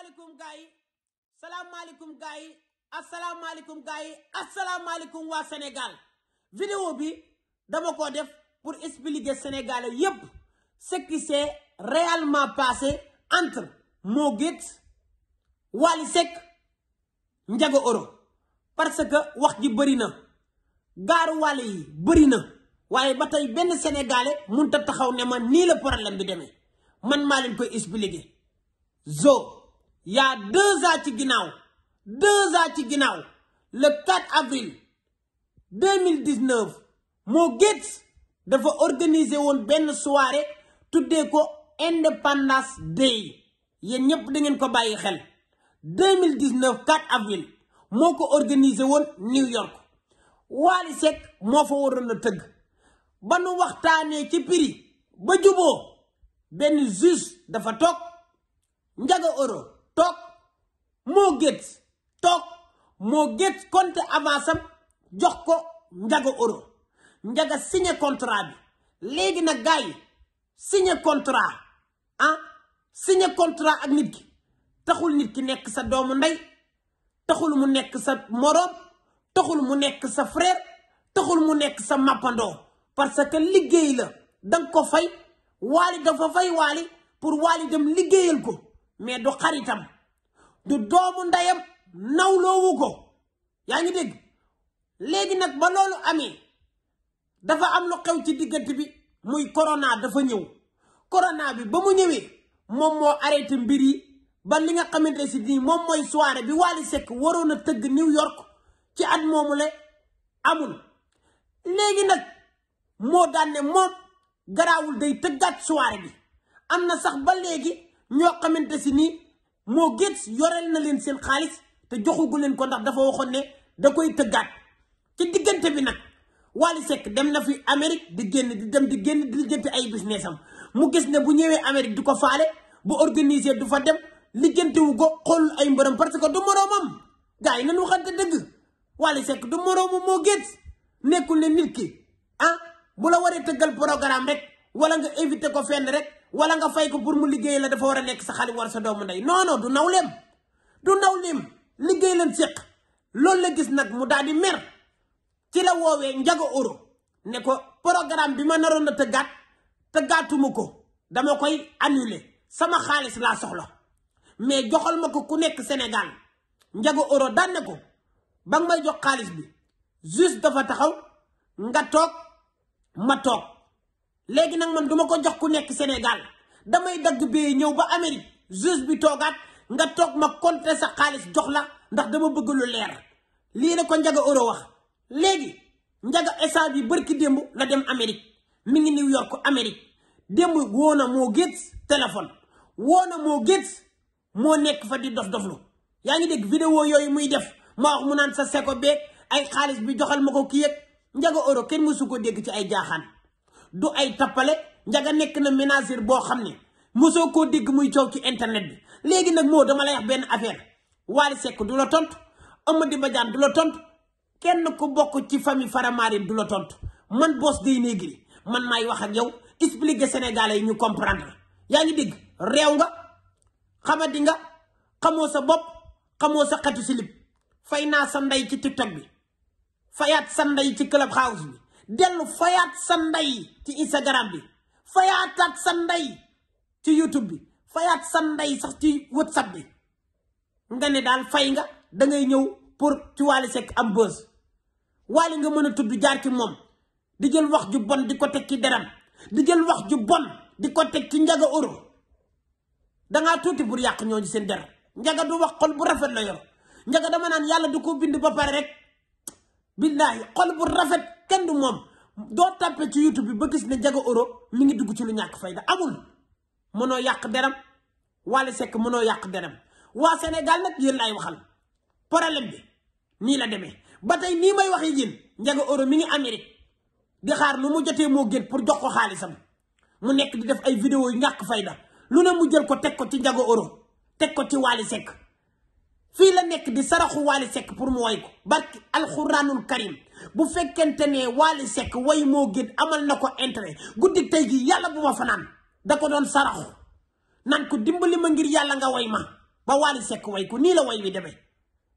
asalaamaaleykum gars yi salaamaaleykum gars yi asalaamaaleykum gars yi asalaamaaleykum waa Sénégal vidéo bi dama ko def pour expliquer Sénégalais yépp ce qui s'est réellement passé entre Mo Gates Wally Seck Ndiaga Euro parce que wax ji bëri na gaaru Wally yi bëri na waaye ba tey benn sénégalais mënut taxaw ne ma nii la problème bi demee man maa leen koy expliquer zo yaa deux ans ci ginnaaw deux ans ci ginnaaw le 4 avril 2019 Mo Gates dafa organiser woon benn soirée tuddee ko Independence Day yéen ñëpp da ngeen ko bàyyi xel 2019 4 avril moo ko organise woon New York Wally Seck moo fa waroon la tëgg ba nu waxtaanee ci prix ba juboo benn juge dafa toog njaga euro toog moo gét toog moo gét compte avance am jox ko njaga euro njaga signé contrat bi léegi nag gars yi signé contrat ah signé contrat ak nit ki taxul nit ki nekk sa doomu ndey taxul mu nekk sa moroom taxul mu nekk sa frère taxul mu nekk sa mappandoo parce que liggéey la danga ko fay waali dafa fay waali pour waali dem liggéeyal ko mais du xaritam du doomu ndeyam nawloowu ko yaa ngi dégg léegi nag ba loolu amee dafa am lu xew ci diggante bi muy corona dafa ñëw corona bi ba mu ñëwee moom moo arrêté mbir yi ba li nga xamante si moom mooy soirée bi Wally Seck waroon a tëgg New York ci at moomu la amul léegi nag moo daan ne moom garaawul day tëggaat soirée bi am na sax ba léegi ñoo xamante si nii moo Gates yoreel na leen seen xaalis te joxugu leen ko ndax dafa waxoon ne da koy tëggaat ci diggante bi nag Wally Seck dem na fi amerique di génn di dem di génn di lijjanti ay business mu gis ne bu ñëwee Amérique du ko faale bu organiser du fa dem lijjantiwu ko xool ay mbërëm parce que du moroomam gars yi nañu waxante dëgg Wally Seck du moroomu moo Gates nekkul ne nit ki ah bu la waree tëggal programme rek wala nga invité ko fenn rek wala nga fay ko pour mu liggéey la dafa war a nekk sa xarit war sa doomu ndey non non du nawleem du nawleem liggéey lan séq loolu la gis nag mu daal di mer ci la woowee njaga euro ne ko programme bi ma naroon a tëggaat tëggaatuma ko dama koy annuler sama xaalis laa soxla mais joxal ma ko ku nekk Sénégal njaga euro daan ko ba nga may jox xaalis bi juste dafa taxaw nga toog ma toog léegi nag man duma ko jox ku nekk Sénégal damay dagg bee ñëw ba Amérique juge bi toogaat nga toog ma compter sa xaalis jox la ndax dama bëgg lu leer lii la ko Ndiaga Euro wax léegi Ndiaga esa bi bërki démb la dem Amérique mi ngi New York Amérique démb woo na moo Gates téléphone woo na moo Gates moo nekk fa di dof doflu yaa ngi dégg vidéo yooyu muy def ma mu naan sa seko beeg ay xaalis bi joxal ma ko kii yëg Ndiaga Euro kenn mësu ko dégg ci ay jaaxaan du ay tappale njaga nekk na ménagère boo xam ne mosoo koo dégg muy coow ci internet bi léegi nag moo dama lay wax benn affaire Wally Seck du la tontu Amady Badiane du la tontu kenn ku bokk ci famille Faramareen du la tontu man Boss Dey Negri man maay wax ak yow expliquer Sénégalais yi ñu comprendre yaa ngi dégg réew nga xamadi nga xamoo sa bopp xamoo sa xetu silib fay naa sa ndey ci tiktok bi fayaat sa ndey ci club house bi dellu fayaat sa ndey ci Instagram bi fayaataat sa ndey ci YouTube bi fayaat sa ndey sax ci WhatsApp bi nga ne daal fay nga dangay ñëw pour ci Wally Seck am buzz Wally nga mën a tudd jaar ci moom di jël wax ju bon di ko teg ci deram di jël wax ju di ko teg ci njaga euro dangaa tuuti bu yàq ñooñu seen der njaga du wax xol bu rafet la yor njaga dama naan yàlla du ko bind ba pare rek billaahi xol bu rafet kenn du moom doo tàppe ci YouTube bi ba gis ne Ndiaga Europe mi ngi dugg ci lu ñàkk fayda amul mënoo yàq deram Wally Seck mënoo yàq deram waa Sénégal nag yéen laay waxal problème bi nii la demee ba tey nii may waxee yéen Ndiaga Europe mi ngi Amérique di xaar lu mu jotee moo gën pour jox ko xaalisam mu nekk di def ay vidéo yu ñàkk fayda lu ne mu jël ko teg ko ci Ndiaga Europe teg ko ci Wally Seck fii la nekk di saraxu Wally pour mu woy ko barki alxuraanul karim bu fekkente ne Wally Seck way moo gën amal na ko intérêt guddi tey gi yàlla bu ma fanaan da ko doon saraxu nan ko dimbali ma ngir yàlla nga woy ma ba Wally Seck way ko nii la way wi demee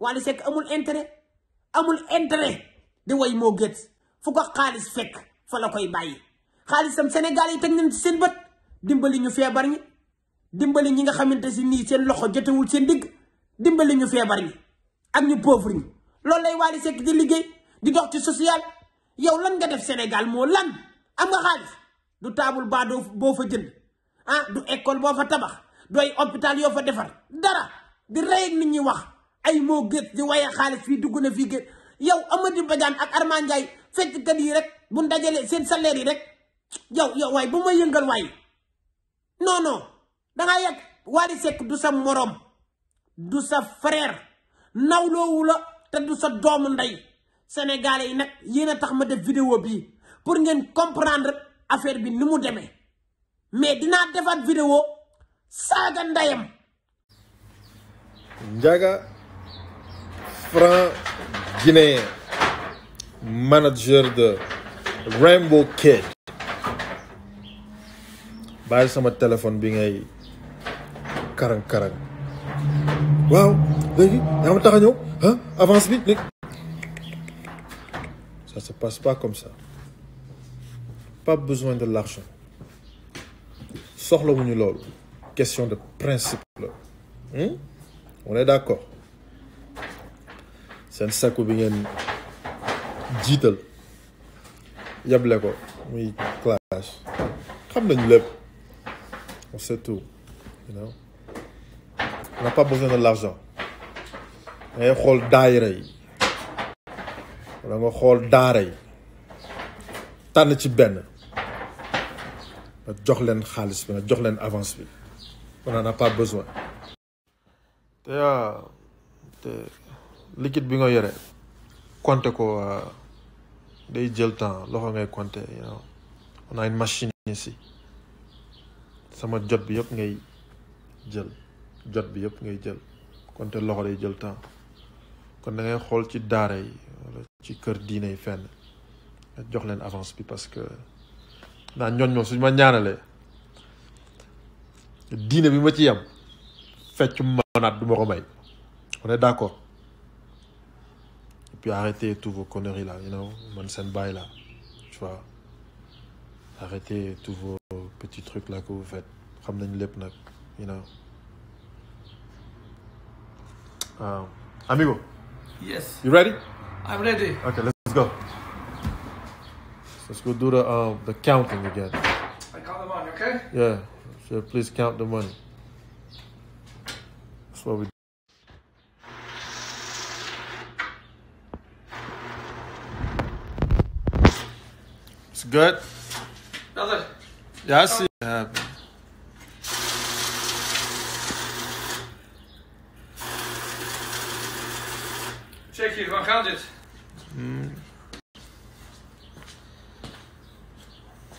Wally Seck amul intérêt amul intérêt di way moo gën fu ko xaalis fekk fa la koy bàyyi xaalisam Sénégal yi teg nañ seen bët dimbali ñu feebar ñi dimbali ñi nga xamante si nii seen loxo jotewul seen digg dimbali ñu feebar ñi ak ñu pauvre ñi loolu lay Wally di liggéey di dox ci social yow lan nga def Sénégal moo lan am nga xaalis du taabul baa doo boo fa jënd ah du école boo fa tabax doy hôpital yoo fa defar dara di rey nit ñi wax ay moo gét di waye xaalis fii dugg na fii gét yow Amady Badiane ak Armand Ndiaye fecckat yi rek bu ndajalee seen salaire yi rek yow yow waaye bu ma yëngal waaye non non dangaa yegg Wally Seck du sa morom du sa frère nawloowu te du sa doomu ndey sénégalais yi nag yéen tax ma def vidéo bii pour ngeen comprendre affaire bi ni mu demee mais dinaa defaat vidéo saaga ndayam Ndiaga franc guinéen manager de Rainbow Kid bàyyi sama téléphone bi ngay karang karang waaw léegi yaa ma tax ñëw avance bi Ça ne se passe pas comme ça. Pas besoin de l'argent. soxlawuñu lool question de principe la hmm? on est d'accord seen sakku bi ngeen jiital yable ko muy clash xam nañu lépp on sait tout you know on n'a pas besoin de l'argent dangay xool daayira yi da nga xool daara yi tànn ci benn nga jox leen xaalis bi nga jox leen avance bi on n'en a pas besoin. Ah, bi nga yore. compter ko ah, day jël temps loxo ngay compter you know machine ici sama jot bi yëpp ngay jël jot bi yëpp ngay jël compter loxo day jël temps kon dangay xool ci daara yi. ci kër diine yi fenn jox leen avance bi parce que naa ñooñ moom suñu ma ñaanalee diine bi ma ci yem fecc manaat du ma ko may on est d'accord et puis arrêtez tous you know man seen bàyyi la tu vois arrêtez tous vos petits trucs là xam nañ lépp nag you know amigo yes I'm ready. Okay, let's go. Let's go do the um, the counting again. I count the money, okay? Yeah. Sure, please count the money. That's what we do. It's good? Brother. Yeah, I see it happen. Check it, 100.